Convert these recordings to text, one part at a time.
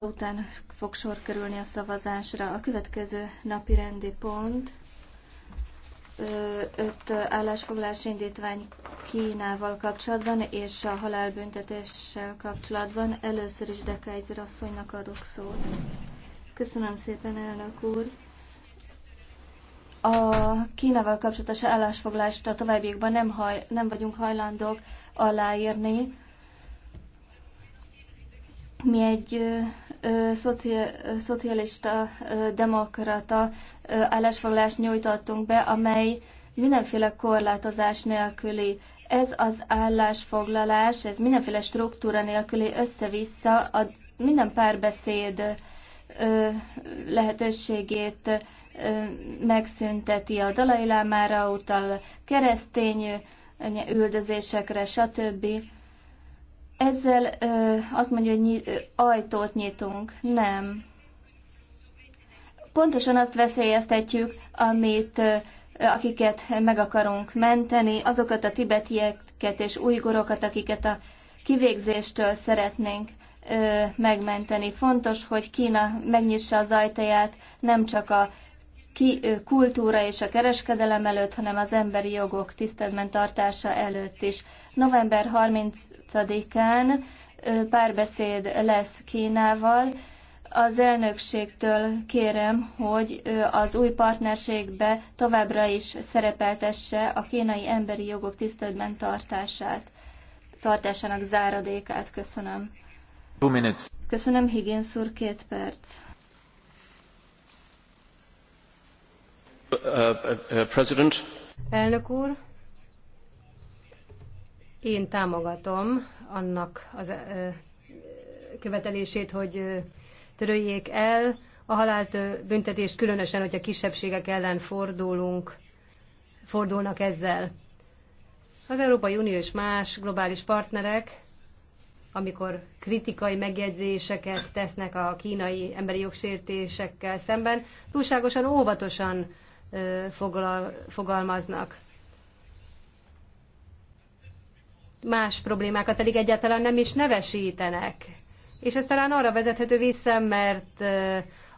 Után fog sor kerülni a szavazásra. A következő napi rendi pont öt állásfoglalás indítvány Kínával kapcsolatban és a halálbüntetéssel kapcsolatban. Először is Dekeizer asszonynak adok szót. Köszönöm szépen, elnök úr! A Kínával kapcsolatos állásfoglalást a továbbiakban nem, haj, nem vagyunk hajlandók aláírni, mi egy szocialista, demokrata állásfoglalást nyújtottunk be, amely mindenféle korlátozás nélküli. Ez az állásfoglalás, ez mindenféle struktúra nélküli össze-vissza a minden párbeszéd lehetőségét megszünteti a dalai lámára utal, keresztény üldözésekre, stb ezzel ö, azt mondja, hogy nyit, ö, ajtót nyitunk. Nem. Pontosan azt veszélyeztetjük, amit ö, akiket meg akarunk menteni, azokat a tibetieket és újgorokat, akiket a kivégzéstől szeretnénk ö, megmenteni. Fontos, hogy Kína megnyissa az ajtaját nem csak a ki, ö, kultúra és a kereskedelem előtt, hanem az emberi jogok tiszteletben tartása előtt is. November 30-án párbeszéd lesz Kínával. Az elnökségtől kérem, hogy az új partnerségbe továbbra is szerepeltesse a kínai emberi jogok tiszteletben tartását, tartásának záradékát. Köszönöm. Two minutes. Köszönöm, Higgins úr, két perc. Uh, uh, uh, President. Elnök úr, én támogatom annak az követelését, hogy töröljék el a halált büntetést, különösen, hogyha kisebbségek ellen fordulunk, fordulnak ezzel. Az Európai Unió és más globális partnerek, amikor kritikai megjegyzéseket tesznek a kínai emberi jogsértésekkel szemben, túlságosan óvatosan foglal, fogalmaznak. más problémákat pedig egyáltalán nem is nevesítenek. És ez talán arra vezethető vissza, mert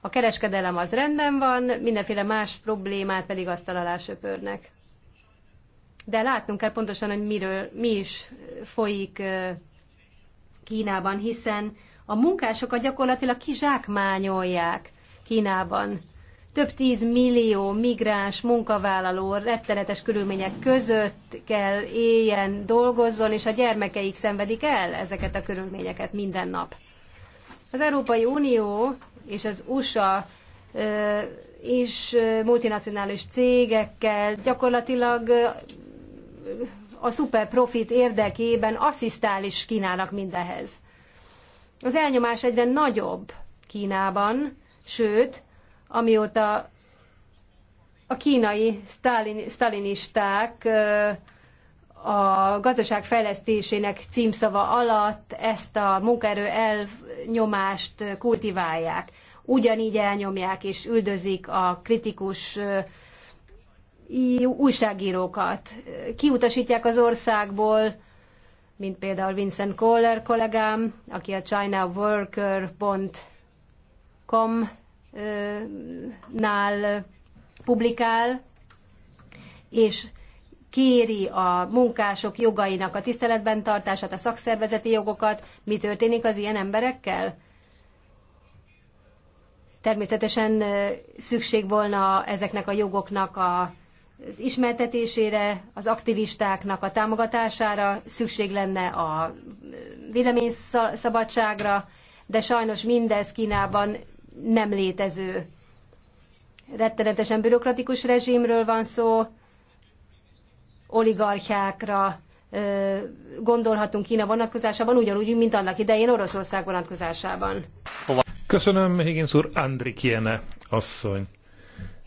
a kereskedelem az rendben van, mindenféle más problémát pedig azt alá söpörnek. De látnunk kell pontosan, hogy miről, mi is folyik Kínában, hiszen a munkásokat gyakorlatilag kizsákmányolják Kínában több tíz millió migráns munkavállaló rettenetes körülmények között kell éljen, dolgozzon, és a gyermekeik szenvedik el ezeket a körülményeket minden nap. Az Európai Unió és az USA és multinacionális cégekkel gyakorlatilag a profit érdekében asszisztál is Kínának mindehez. Az elnyomás egyre nagyobb Kínában, sőt, amióta a kínai stalinisták sztálinisták a gazdaság fejlesztésének címszava alatt ezt a munkaerő elnyomást kultiválják. Ugyanígy elnyomják és üldözik a kritikus újságírókat. Kiutasítják az országból, mint például Vincent Kohler kollégám, aki a China nál publikál, és kéri a munkások jogainak a tiszteletben tartását, a szakszervezeti jogokat, mi történik az ilyen emberekkel? Természetesen szükség volna ezeknek a jogoknak a az ismertetésére, az aktivistáknak a támogatására, szükség lenne a véleményszabadságra, de sajnos mindez Kínában nem létező rettenetesen bürokratikus rezsimről van szó, oligarchákra gondolhatunk Kína vonatkozásában, ugyanúgy, mint annak idején Oroszország vonatkozásában. Köszönöm, Higgins úr, Andri Kiene asszony.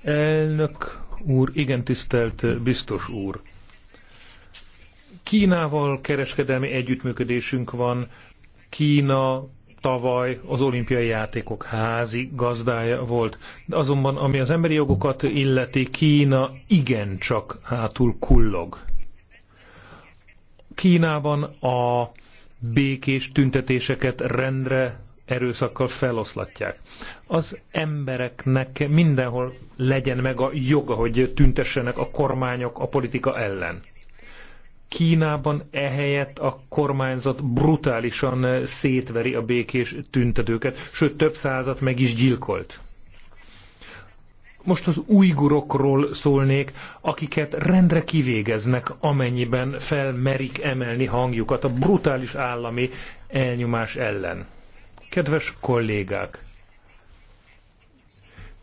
Elnök úr, igen tisztelt biztos úr. Kínával kereskedelmi együttműködésünk van, Kína tavaly az olimpiai játékok házi gazdája volt. De azonban, ami az emberi jogokat illeti, Kína igencsak hátul kullog. Kínában a békés tüntetéseket rendre erőszakkal feloszlatják. Az embereknek mindenhol legyen meg a joga, hogy tüntessenek a kormányok a politika ellen. Kínában ehelyett a kormányzat brutálisan eh, szétveri a békés tüntetőket, sőt több százat meg is gyilkolt. Most az újgurokról szólnék, akiket rendre kivégeznek, amennyiben felmerik emelni hangjukat a brutális állami elnyomás ellen. Kedves kollégák!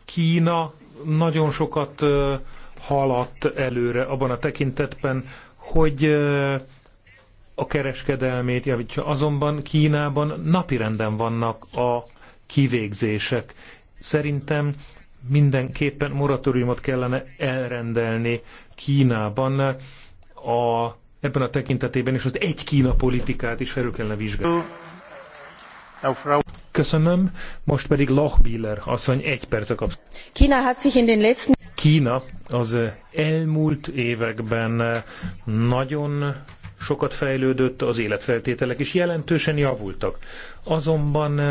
Kína nagyon sokat eh, haladt előre abban a tekintetben, hogy a kereskedelmét javítsa. Azonban Kínában napirenden vannak a kivégzések. Szerintem mindenképpen moratóriumot kellene elrendelni Kínában a, ebben a tekintetében, és az egy Kína politikát is felül kellene vizsgálni. Köszönöm, most pedig azt mondja, egy perce kapsz. Kína hat sich in den letzten Kína az elmúlt években nagyon sokat fejlődött, az életfeltételek is jelentősen javultak. Azonban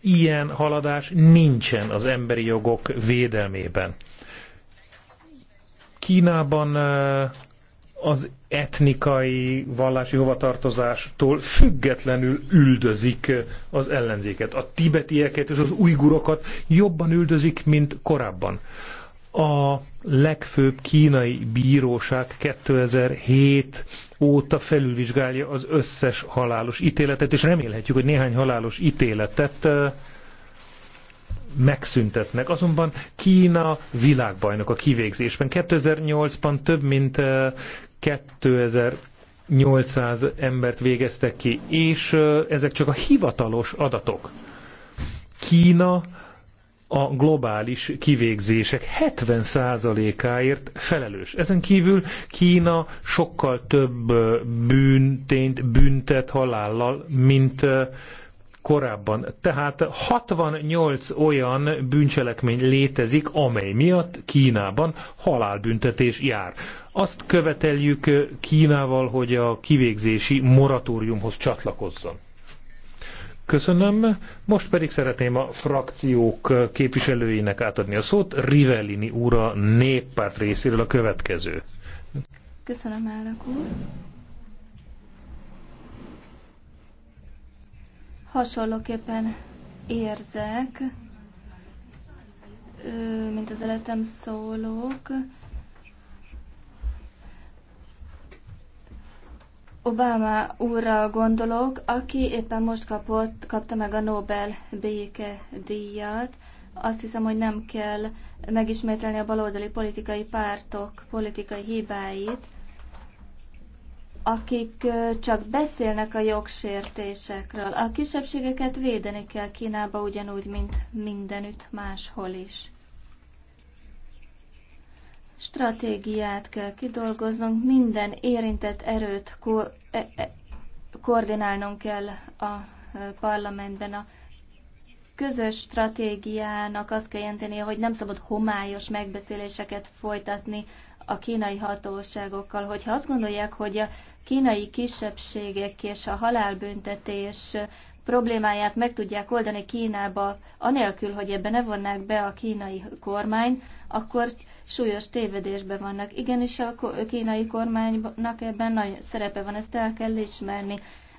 ilyen haladás nincsen az emberi jogok védelmében. Kínában az etnikai, vallási hovatartozástól függetlenül üldözik az ellenzéket. A tibetieket és az ujgurokat jobban üldözik, mint korábban a legfőbb kínai bíróság 2007 óta felülvizsgálja az összes halálos ítéletet, és remélhetjük, hogy néhány halálos ítéletet megszüntetnek. Azonban Kína világbajnok a kivégzésben. 2008-ban több mint 2800 embert végeztek ki, és ezek csak a hivatalos adatok. Kína a globális kivégzések 70%-áért felelős. Ezen kívül Kína sokkal több bűntényt büntet halállal, mint korábban. Tehát 68 olyan bűncselekmény létezik, amely miatt Kínában halálbüntetés jár. Azt követeljük Kínával, hogy a kivégzési moratóriumhoz csatlakozzon. Köszönöm. Most pedig szeretném a frakciók képviselőinek átadni a szót. Rivellini úra néppárt részéről a következő. Köszönöm, elnök úr. Hasonlóképpen érzek, mint az eletem szólók, Obama úrra gondolok, aki éppen most kapott, kapta meg a Nobel béke díjat. Azt hiszem, hogy nem kell megismételni a baloldali politikai pártok politikai hibáit, akik csak beszélnek a jogsértésekről. A kisebbségeket védeni kell Kínába ugyanúgy, mint mindenütt máshol is stratégiát kell kidolgoznunk, minden érintett erőt ko- e- e- koordinálnunk kell a e, parlamentben. A közös stratégiának azt kell jelenteni, hogy nem szabad homályos megbeszéléseket folytatni a kínai hatóságokkal. Hogyha azt gondolják, hogy a kínai kisebbségek és a halálbüntetés problémáját meg tudják oldani Kínába, anélkül, hogy ebbe ne vonnák be a kínai kormány, akkor súlyos tévedésbe vannak. Igenis a kínai kormánynak ebben nagy szerepe van, ezt el kell ismerni.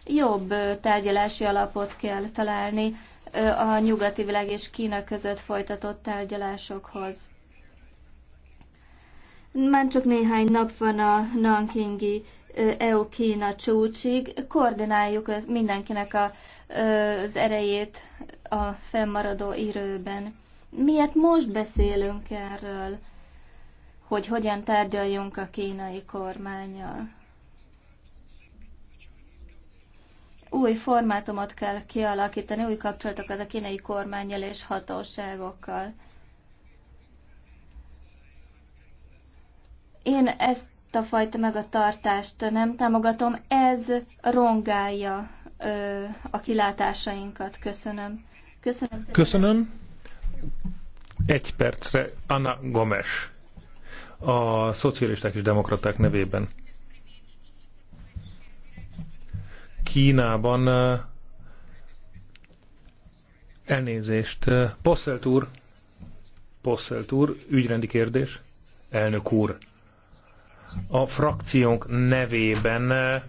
Jobb tárgyalási alapot kell találni a nyugati világ és Kína között folytatott tárgyalásokhoz. Már csak néhány nap van a Nankingi EU-Kína csúcsig. Koordináljuk mindenkinek az erejét a fennmaradó írőben miért most beszélünk erről, hogy hogyan tárgyaljunk a kínai kormányjal? Új formátumot kell kialakítani, új kapcsolatokat a kínai kormányjal és hatóságokkal. Én ezt a fajta megatartást nem támogatom, ez rongálja ö, a kilátásainkat. Köszönöm. Köszönöm. Szépen. Köszönöm. Egy percre Anna Gomes, a szocialisták és demokraták nevében. Kínában elnézést. Posselt úr, Posselt úr, ügyrendi kérdés, elnök úr. A frakciónk nevében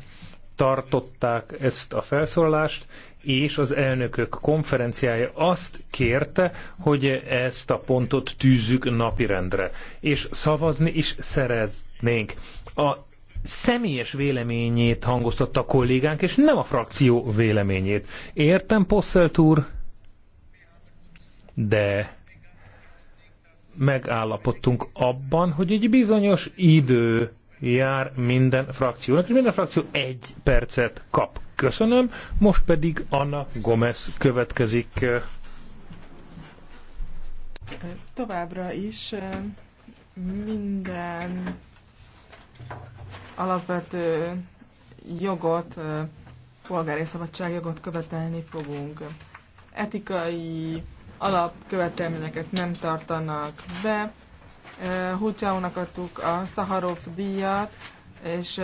tartották ezt a felszólalást, és az elnökök konferenciája azt kérte, hogy ezt a pontot tűzzük napirendre, és szavazni is szereznénk. A személyes véleményét hangoztatta a kollégánk, és nem a frakció véleményét. Értem, Posselt úr? De megállapodtunk abban, hogy egy bizonyos idő jár minden frakciónak, és minden frakció egy percet kap. Köszönöm, most pedig Anna Gomez következik. Továbbra is minden alapvető jogot, polgári szabadságjogot követelni fogunk. Etikai alapkövetelményeket nem tartanak be. Hucsáunak adtuk a Szaharov díjat, és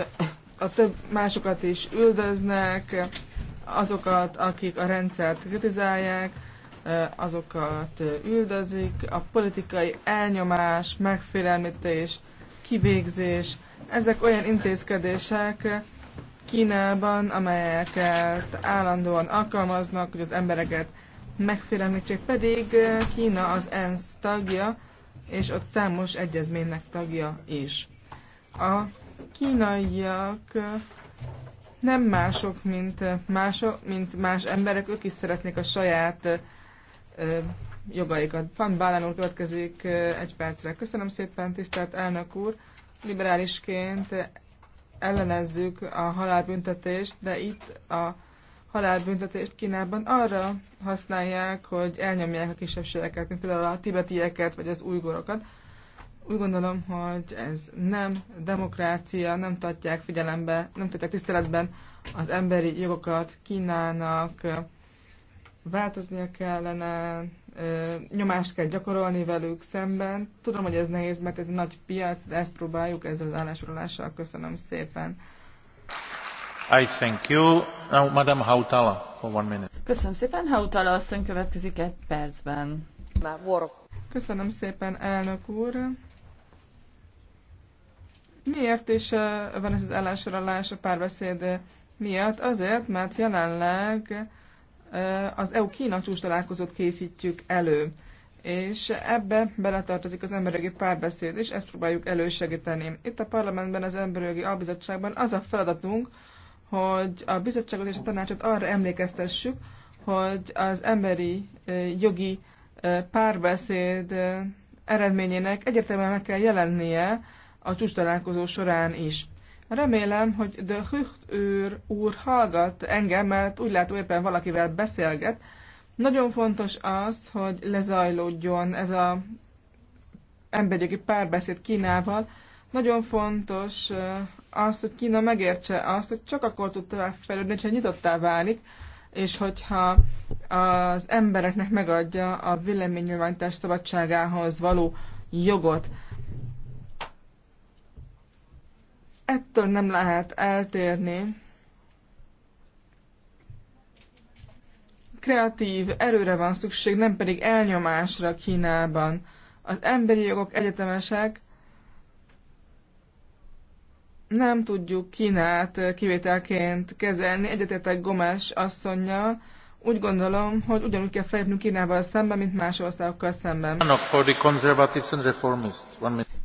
a több másokat is üldöznek, azokat, akik a rendszert kritizálják, azokat üldözik, a politikai elnyomás, megfélemlítés, kivégzés, ezek olyan intézkedések Kínában, amelyeket állandóan alkalmaznak, hogy az embereket megfélemlítsék, pedig Kína az ENSZ tagja, és ott számos egyezménynek tagja is. A kínaiak nem mások, mint, mások, mint más emberek, ők is szeretnék a saját ö, jogaikat. Van Bálán úr következik egy percre. Köszönöm szépen, tisztelt elnök úr. Liberálisként ellenezzük a halálbüntetést, de itt a halálbüntetést Kínában arra használják, hogy elnyomják a kisebbségeket, mint például a tibetieket vagy az ujgorokat. Úgy gondolom, hogy ez nem demokrácia, nem tartják figyelembe, nem tartják tiszteletben az emberi jogokat Kínának, változnia kellene, nyomást kell gyakorolni velük szemben. Tudom, hogy ez nehéz, mert ez egy nagy piac, de ezt próbáljuk ezzel az állásfoglalással. Köszönöm szépen. I thank you. Now, Madam Hautala, for one minute. Köszönöm szépen. Hautala asszony következik egy percben. Köszönöm szépen, elnök úr. Miért is van ez az ellensorolás a párbeszéd miatt? Azért, mert jelenleg az EU-Kína csúcs találkozót készítjük elő, és ebbe beletartozik az emberi párbeszéd, és ezt próbáljuk elősegíteni. Itt a parlamentben, az emberi albizottságban az a feladatunk, hogy a bizottságot és a tanácsot arra emlékeztessük, hogy az emberi jogi párbeszéd eredményének egyértelműen meg kell jelennie, a csúcs találkozó során is. Remélem, hogy de Hücht úr, úr hallgat engem, mert úgy látom éppen valakivel beszélget. Nagyon fontos az, hogy lezajlódjon ez a emberjogi párbeszéd Kínával. Nagyon fontos eh, az, hogy Kína megértse azt, hogy csak akkor tud továbbfejlődni, ha nyitottá válik, és hogyha az embereknek megadja a véleménynyilvánítás szabadságához való jogot. Ettől nem lehet eltérni. Kreatív erőre van szükség, nem pedig elnyomásra Kínában. Az emberi jogok egyetemesek, nem tudjuk Kínát kivételként kezelni. Egyetetek Gomes asszonya. Úgy gondolom, hogy ugyanúgy kell felépnünk Kínával szemben, mint más országokkal szemben.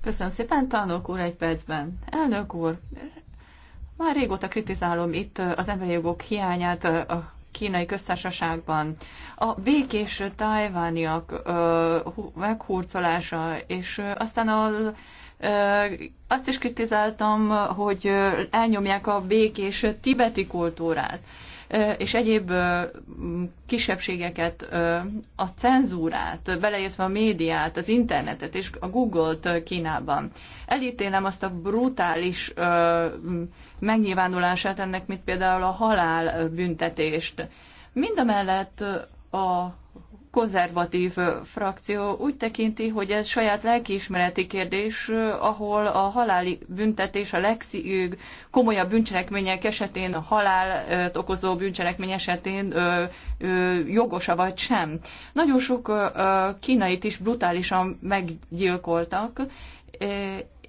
Köszönöm szépen, tanok úr, egy percben. Elnök úr, már régóta kritizálom itt az emberi jogok hiányát a kínai köztársaságban. A békés tájvániak meghurcolása, és aztán az azt is kritizáltam, hogy elnyomják a békés tibeti kultúrát és egyéb kisebbségeket, a cenzúrát, beleértve a médiát, az internetet és a Google-t Kínában. Elítélem azt a brutális megnyilvánulását ennek, mint például a halálbüntetést. Mind a mellett a konzervatív frakció úgy tekinti, hogy ez saját lelkiismereti kérdés, ahol a haláli büntetés a legkomolyabb bűncselekmények esetén, a halált okozó bűncselekmény esetén jogosa vagy sem. Nagyon sok kínait is brutálisan meggyilkoltak,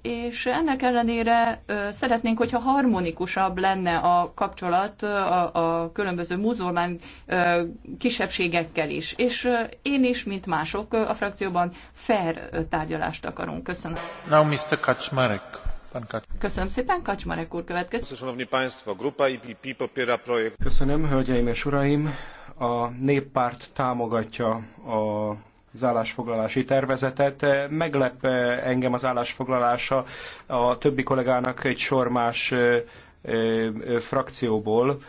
és ennek ellenére szeretnénk, hogyha harmonikusabb lenne a kapcsolat a, a különböző muzulmán kisebbségekkel is. És én is, mint mások a frakcióban fair tárgyalást akarunk. Köszönöm. Now Mr. Kaczmarek. Köszönöm szépen, Kacsmarek úr következik. Köszönöm, hölgyeim és uraim! A néppárt támogatja a az állásfoglalási tervezetet. Meglep eh, engem az állásfoglalása a többi kollégának egy sor más eh, eh, frakcióból,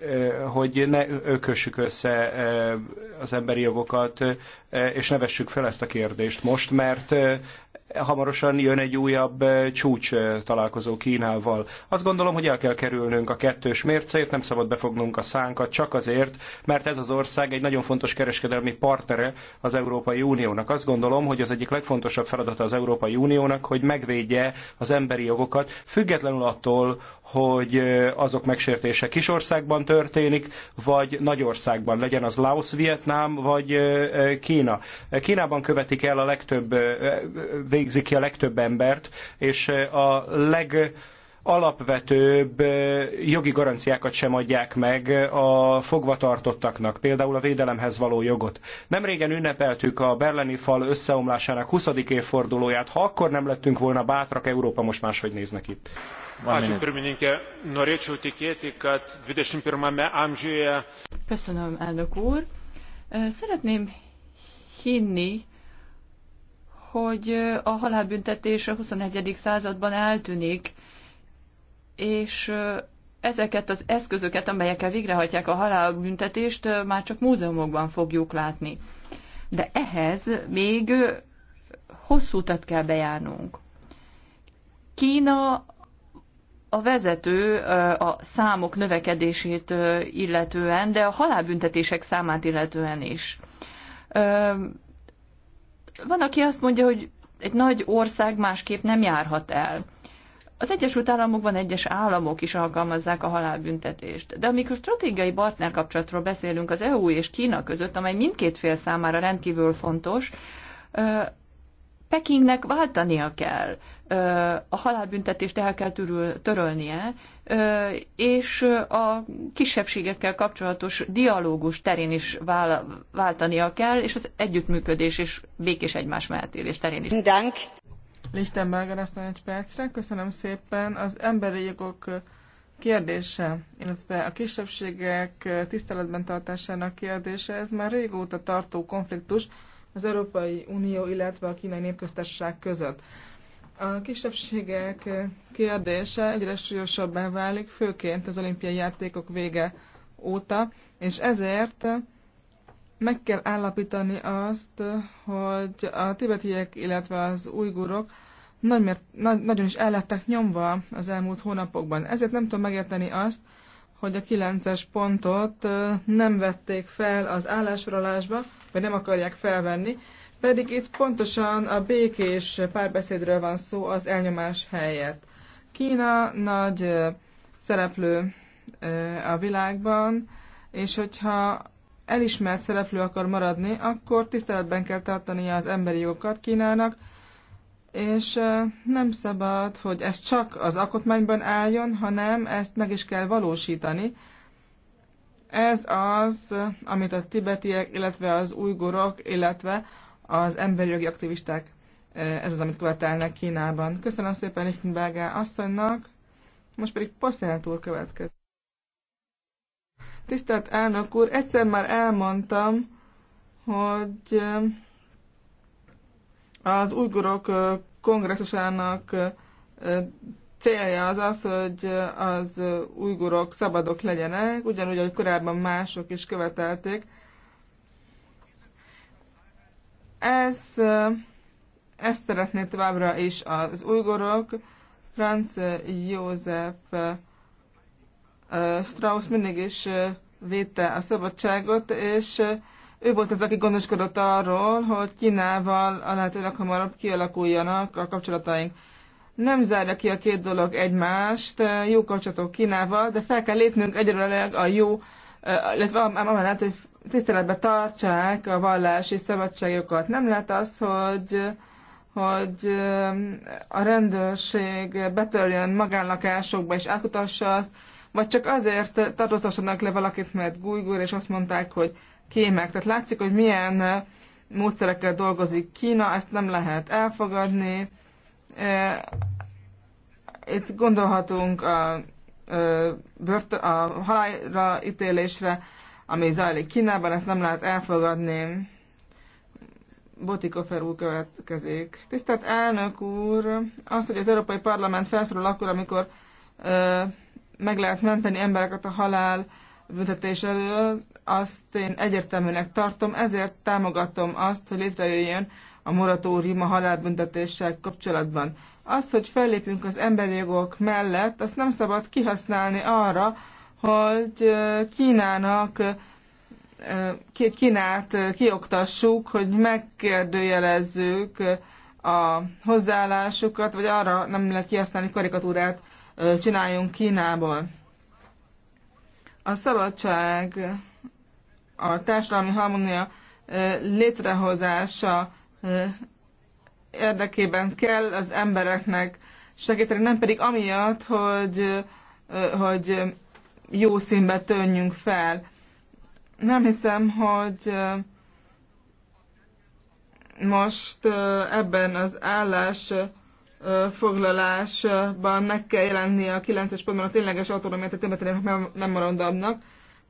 Eh, hogy ne ökössük össze eh, az emberi jogokat, eh, és ne vessük fel ezt a kérdést most, mert hamarosan jön egy újabb csúcs találkozó Kínával. Azt gondolom, hogy el kell kerülnünk a kettős mércét, nem szabad befognunk a szánkat csak azért, mert ez az ország egy nagyon fontos kereskedelmi partnere az Európai Uniónak. Azt gondolom, hogy az egyik legfontosabb feladata az Európai Uniónak, hogy megvédje az emberi jogokat, függetlenül attól, hogy azok megsértése kis országban, országban történik, vagy nagyországban, legyen az Laos, Vietnám, vagy Kína. Kínában követik el a legtöbb, végzik ki a legtöbb embert, és a leg alapvetőbb jogi garanciákat sem adják meg a fogvatartottaknak, például a védelemhez való jogot. Nem régen ünnepeltük a berleni fal összeomlásának 20. évfordulóját. Ha akkor nem lettünk volna bátrak, Európa most máshogy néz neki. Köszönöm, elnök úr. Szeretném hinni, hogy a halálbüntetés a 21. században eltűnik, és ezeket az eszközöket, amelyekkel végrehajtják a halálbüntetést, már csak múzeumokban fogjuk látni. De ehhez még hosszú utat kell bejárnunk. Kína a vezető a számok növekedését illetően, de a halálbüntetések számát illetően is. Van, aki azt mondja, hogy egy nagy ország másképp nem járhat el. Az Egyesült Államokban egyes államok is alkalmazzák a halálbüntetést, de amikor stratégiai partnerkapcsolatról beszélünk az EU és Kína között, amely mindkét fél számára rendkívül fontos, Pekingnek váltania kell, a halálbüntetést el kell törül, törölnie, és a kisebbségekkel kapcsolatos dialógus terén is vál, váltania kell, és az együttműködés és békés egymás mellett élés terén is. Dank. Lichtenberger aztán egy percre. Köszönöm szépen. Az emberi jogok kérdése, illetve a kisebbségek tiszteletben tartásának kérdése, ez már régóta tartó konfliktus az Európai Unió, illetve a Kínai Népköztársaság között. A kisebbségek kérdése egyre súlyosabbá válik, főként az olimpiai játékok vége óta, és ezért meg kell állapítani azt, hogy a tibetiek, illetve az ujgurok nagy, mert, nagy, nagyon is lettek nyomva az elmúlt hónapokban. Ezért nem tudom megérteni azt, hogy a kilences pontot nem vették fel az állásfoglalásba, vagy nem akarják felvenni, pedig itt pontosan a békés párbeszédről van szó az elnyomás helyett. Kína nagy szereplő a világban, és hogyha elismert szereplő akar maradni, akkor tiszteletben kell tartania az emberi jogokat Kínának, és nem szabad, hogy ez csak az alkotmányban álljon, hanem ezt meg is kell valósítani. Ez az, amit a tibetiek, illetve az ujgurok, illetve az emberi jogi aktivisták, ez az, amit követelnek Kínában. Köszönöm szépen Lichtenberger asszonynak, most pedig Passzelt úr következik. Tisztelt elnök úr, egyszer már elmondtam, hogy az ujgurok kongresszusának célja az az, hogy az ujgurok szabadok legyenek, ugyanúgy, ahogy korábban mások is követelték. Ez, ezt szeretné továbbra is az ujgurok. Franz József Strauss mindig is védte a szabadságot, és ő volt az, aki gondoskodott arról, hogy Kínával a lehető leghamarabb kialakuljanak a kapcsolataink. Nem zárja ki a két dolog egymást, jó kapcsolatok Kínával, de fel kell lépnünk egyelőre a jó, illetve amellett, hogy tiszteletbe tartsák a vallási szabadságokat. Nem lehet az, hogy hogy a rendőrség betörjön magánlakásokba és átutassa azt, vagy csak azért tartóztassanak le valakit, mert gújgur, és azt mondták, hogy kémek. Tehát látszik, hogy milyen eh, módszerekkel dolgozik Kína, ezt nem lehet elfogadni. Eh, itt gondolhatunk a, eh, a halálra ítélésre, ami zajlik Kínában, ezt nem lehet elfogadni. Botikofer úr következik. Tisztelt elnök úr, az, hogy az Európai Parlament felszólal akkor, amikor meg lehet menteni embereket a halál büntetés elől, azt én egyértelműnek tartom, ezért támogatom azt, hogy létrejöjjön a moratórium a halálbüntetéssel kapcsolatban. Az, hogy fellépünk az emberi jogok mellett, azt nem szabad kihasználni arra, hogy Kínának Kínát kioktassuk, hogy megkérdőjelezzük a hozzáállásukat, vagy arra nem lehet kihasználni karikatúrát csináljunk Kínából. A szabadság, a társadalmi harmónia létrehozása érdekében kell az embereknek segíteni, nem pedig amiatt, hogy, hogy jó színbe tönjünk fel. Nem hiszem, hogy most ebben az állás foglalásban meg kell jelenni a 9-es pontban a tényleges autonómiát a nem memorandumnak,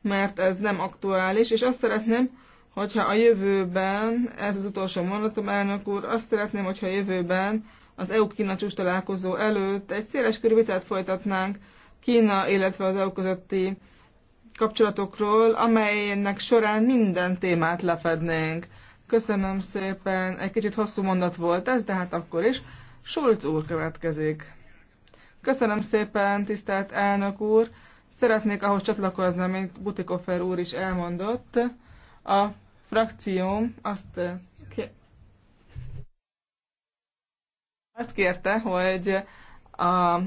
mert ez nem aktuális, és azt szeretném, hogyha a jövőben, ez az utolsó mondatom, elnök úr, azt szeretném, hogyha a jövőben az EU-Kína csúcs találkozó előtt egy széles körű vitát folytatnánk Kína, illetve az EU közötti kapcsolatokról, amelynek során minden témát lefednénk. Köszönöm szépen, egy kicsit hosszú mondat volt ez, de hát akkor is. Schulz úr következik. Köszönöm szépen, tisztelt elnök úr! Szeretnék ahhoz csatlakozni, amit Butikoffer úr is elmondott. A frakcióm azt, azt kérte, hogy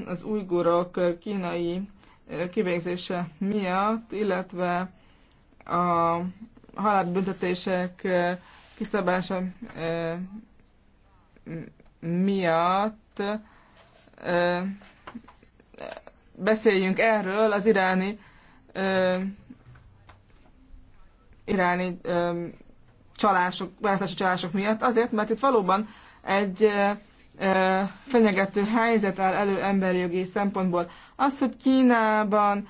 az ujgurok kínai kivégzése miatt, illetve a halálbüntetések kiszabása miatt beszéljünk erről az iráni iráni csalások, választási csalások miatt, azért, mert itt valóban egy fenyegető helyzet áll elő emberi jogi szempontból. Az, hogy Kínában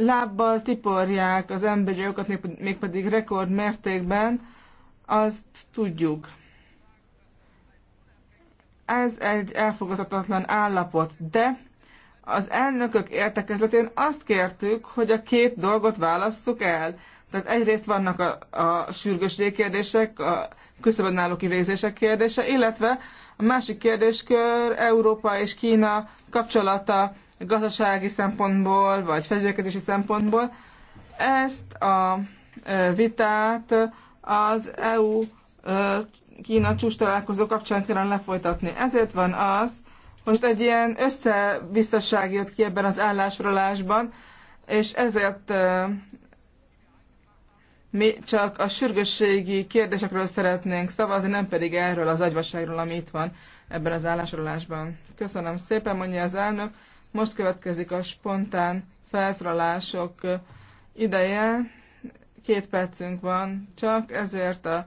lábbal tiporják az emberi jogokat, mégpedig mértékben, azt tudjuk. Ez egy elfogadhatatlan állapot, de az elnökök értekezletén azt kértük, hogy a két dolgot válasszuk el. Tehát egyrészt vannak a, a sürgősségi kérdések, a küszöbön álló kivégzések kérdése, illetve a másik kérdéskör Európa és Kína kapcsolata gazdasági szempontból, vagy fegyverkezési szempontból. Ezt a vitát az EU Kína csúcs találkozó kapcsán kellene lefolytatni. Ezért van az, most egy ilyen összebiztosság jött ki ebben az állásfoglalásban, és ezért mi csak a sürgősségi kérdésekről szeretnénk szavazni, nem pedig erről az agyvasságról, ami itt van ebben az állásrólásban. Köszönöm szépen, mondja az elnök. Most következik a spontán felszólalások ideje. Két percünk van csak, ezért a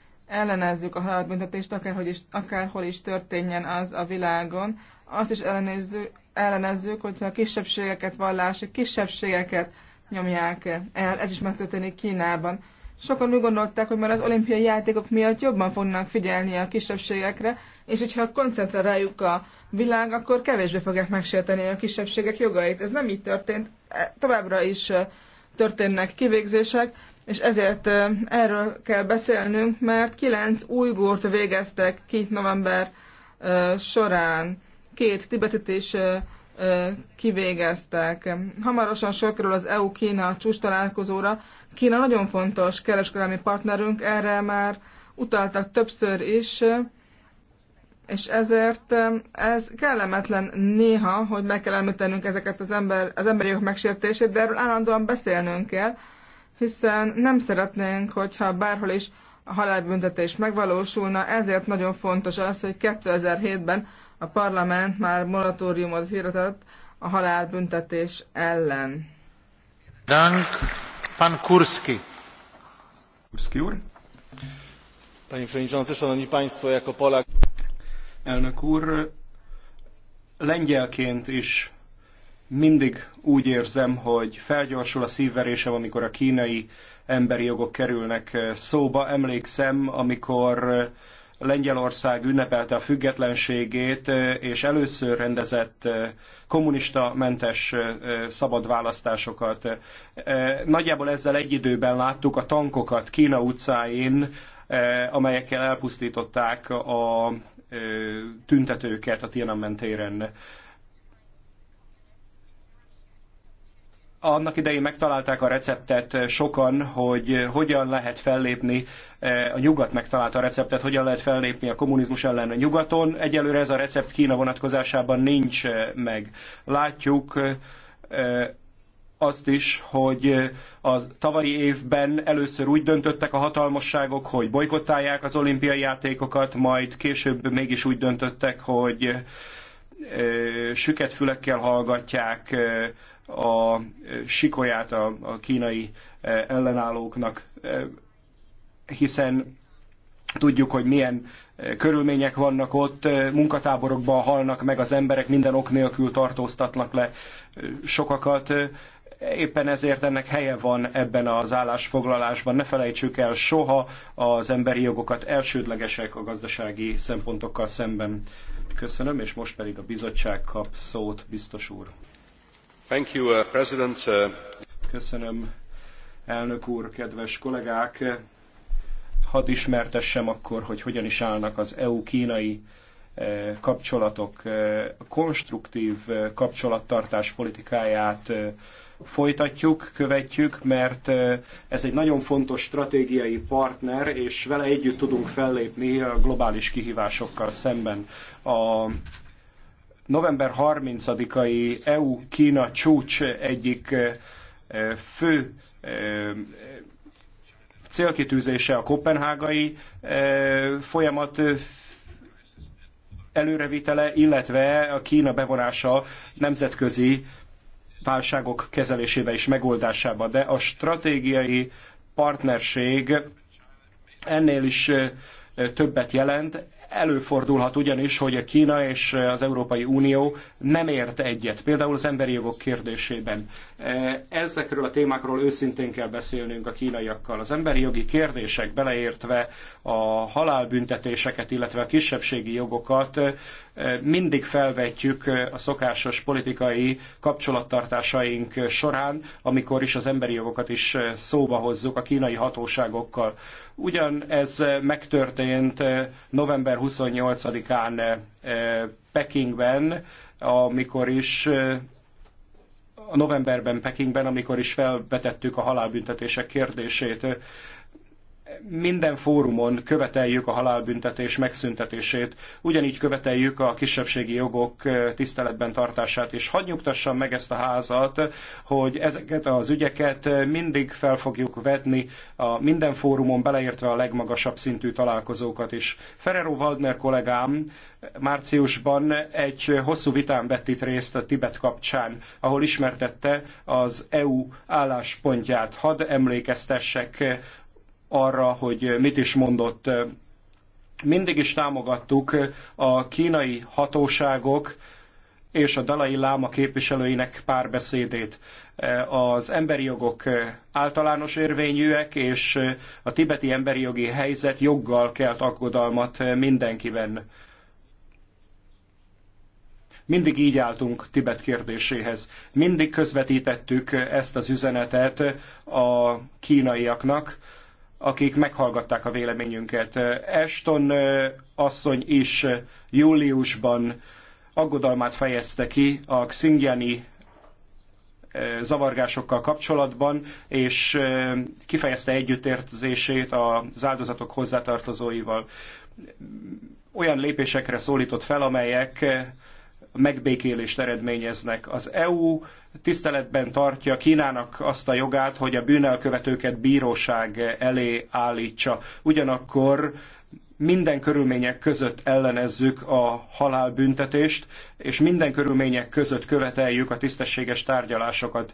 ellenezzük a halálbüntetést, akárhogy is, akárhol is történjen az a világon. Azt is ellenezzük, ellenezzük hogyha a kisebbségeket, vallási kisebbségeket nyomják el. Ez is megtörténik Kínában. Sokan úgy gondolták, hogy már az olimpiai játékok miatt jobban fognak figyelni a kisebbségekre, és hogyha koncentrál rájuk a világ, akkor kevésbé fogják megsérteni a kisebbségek jogait. Ez nem így történt, e, továbbra is történnek kivégzések, és ezért erről kell beszélnünk, mert kilenc újgurt végeztek ki november során. Két tibetit is kivégeztek. Hamarosan sor kerül az EU-Kína csúcs találkozóra. Kína nagyon fontos kereskedelmi partnerünk, erre már utaltak többször is, és ezért ez kellemetlen néha, hogy meg kell említenünk ezeket az, ember, az emberi jogok megsértését, de erről állandóan beszélnünk kell, hiszen nem szeretnénk, hogyha bárhol is a halálbüntetés megvalósulna, ezért nagyon fontos az, hogy 2007-ben a parlament már moratóriumot hirdetett a halálbüntetés ellen. Dank, pan Kurski. Kurski úr. Panie Przewodniczący, Szanowni Państwo, jako Polak... Elnök úr, lengyelként is mindig úgy érzem, hogy felgyorsul a szívverésem, amikor a kínai emberi jogok kerülnek eh, szóba. Emlékszem, amikor eh, Lengyelország ünnepelte a függetlenségét, eh, és először rendezett kommunista mentes szabad választásokat. Nagyjából ezzel egy időben láttuk a tankokat Kína utcáin, amelyekkel elpusztították a tüntetőket a Tiananmen téren annak idején megtalálták a receptet sokan, hogy hogyan lehet fellépni, eh, a nyugat megtalálta a receptet, hogyan lehet fellépni a kommunizmus ellen a nyugaton. Egyelőre ez a recept Kína vonatkozásában nincs eh, meg. Látjuk eh, azt is, hogy a tavalyi évben először úgy döntöttek a hatalmasságok, hogy bolykottálják az olimpiai játékokat, majd később mégis úgy döntöttek, hogy süket fülekkel hallgatják a sikolyát a, a kínai e, ellenállóknak, e, hiszen tudjuk, hogy milyen e, körülmények vannak ott, munkatáborokban halnak meg az emberek, minden ok nélkül tartóztatnak le sokakat. Éppen ezért ennek helye van ebben az állásfoglalásban. Ne felejtsük el soha az emberi jogokat elsődlegesek a gazdasági szempontokkal szemben. Köszönöm, és most pedig a bizottság kap szót, biztos úr. Uh, uh, Köszönöm, elnök úr, kedves kollégák! Hadd ismertessem akkor, hogy hogyan is állnak az EU-kínai eh, kapcsolatok. A eh, konstruktív eh, kapcsolattartás politikáját folytatjuk, követjük, mert ez egy nagyon fontos stratégiai partner, és vele együtt tudunk fellépni a globális kihívásokkal szemben. A november 30-ai EU-Kína csúcs egyik fő célkitűzése a kopenhágai folyamat előrevitele, illetve a Kína bevonása nemzetközi válságok kezelésébe és megoldásába. De a stratégiai partnerség ennél is többet jelent. Előfordulhat ugyanis, hogy a Kína és az Európai Unió nem ért egyet, például az emberi jogok kérdésében. Ezekről a témákról őszintén kell beszélnünk a kínaiakkal. Az emberi jogi kérdések, beleértve a halálbüntetéseket, illetve a kisebbségi jogokat mindig felvetjük a szokásos politikai kapcsolattartásaink során, amikor is az emberi jogokat is szóba hozzuk a kínai hatóságokkal. Ugyan ez megtörtént november 28-án Pekingben, amikor is a novemberben Pekingben, amikor is felvetettük a halálbüntetések kérdését minden fórumon követeljük a halálbüntetés megszüntetését, ugyanígy követeljük a kisebbségi jogok tiszteletben tartását és Hadd nyugtassam meg ezt a házat, hogy ezeket az ügyeket mindig fel fogjuk vetni a minden fórumon, beleértve a legmagasabb szintű találkozókat is. Ferrero Waldner kollégám márciusban egy hosszú vitán vett itt részt a Tibet kapcsán, ahol ismertette az EU álláspontját. Hadd emlékeztessek arra, hogy mit is mondott. Mindig is támogattuk a kínai hatóságok és a Dalai Láma képviselőinek párbeszédét. Az emberi jogok általános érvényűek, és a tibeti emberi jogi helyzet joggal kelt aggodalmat mindenkiben. Mindig így álltunk Tibet kérdéséhez. Mindig közvetítettük ezt az üzenetet a kínaiaknak, akik meghallgatták a véleményünket. Ashton asszony is júliusban aggodalmát fejezte ki a Xinjiani zavargásokkal kapcsolatban, és kifejezte együttérzését az áldozatok hozzátartozóival. Olyan lépésekre szólított fel, amelyek megbékélést eredményeznek. Az EU tiszteletben tartja Kínának azt a jogát, hogy a bűnelkövetőket bíróság elé állítsa. Ugyanakkor minden körülmények között ellenezzük a halálbüntetést, és minden körülmények között követeljük a tisztességes tárgyalásokat.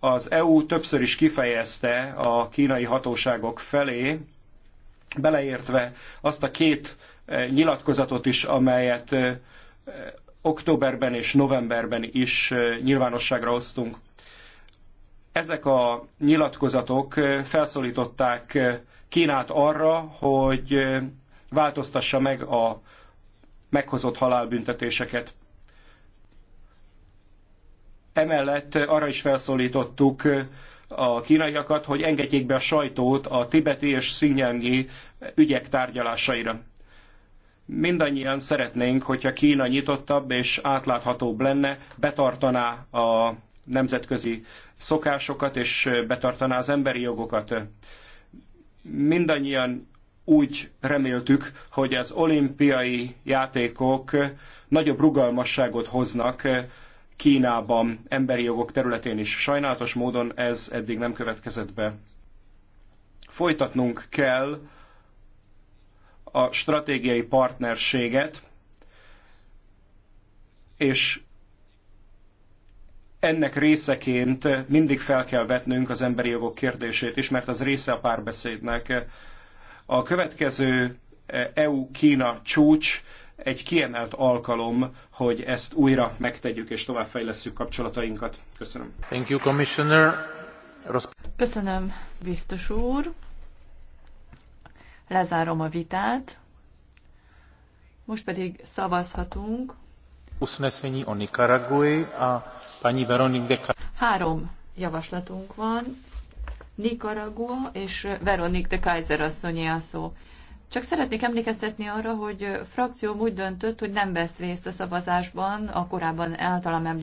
Az EU többször is kifejezte a kínai hatóságok felé, beleértve azt a két eh, nyilatkozatot is, amelyet eh, októberben és novemberben is nyilvánosságra hoztunk. Ezek a nyilatkozatok felszólították Kínát arra, hogy változtassa meg a meghozott halálbüntetéseket. Emellett arra is felszólítottuk a kínaiakat, hogy engedjék be a sajtót a tibeti és szinyangi ügyek tárgyalásaira mindannyian szeretnénk, hogyha Kína nyitottabb és átláthatóbb lenne, betartaná a nemzetközi szokásokat és betartaná az emberi jogokat. Mindannyian úgy reméltük, hogy az olimpiai játékok nagyobb rugalmasságot hoznak Kínában emberi jogok területén is. Sajnálatos módon ez eddig nem következett be. Folytatnunk kell a stratégiai partnerséget, és ennek részeként mindig fel kell vetnünk az emberi jogok kérdését is, mert az része a párbeszédnek. A következő eh, EU-Kína csúcs egy kiemelt alkalom, hogy ezt újra megtegyük és továbbfejlesszük kapcsolatainkat. Köszönöm. Thank you, Commissioner. Köszönöm, biztos úr. Lezárom a vitát. Most pedig szavazhatunk. Usnesení o Nikaragui a pani Veronik de Három javaslatunk van. Nicaragua és Veronik de Kaiser asszonyi a szó. Csak szeretnék emlékeztetni arra, hogy frakció úgy döntött, hogy nem vesz részt a szavazásban a korábban általam említett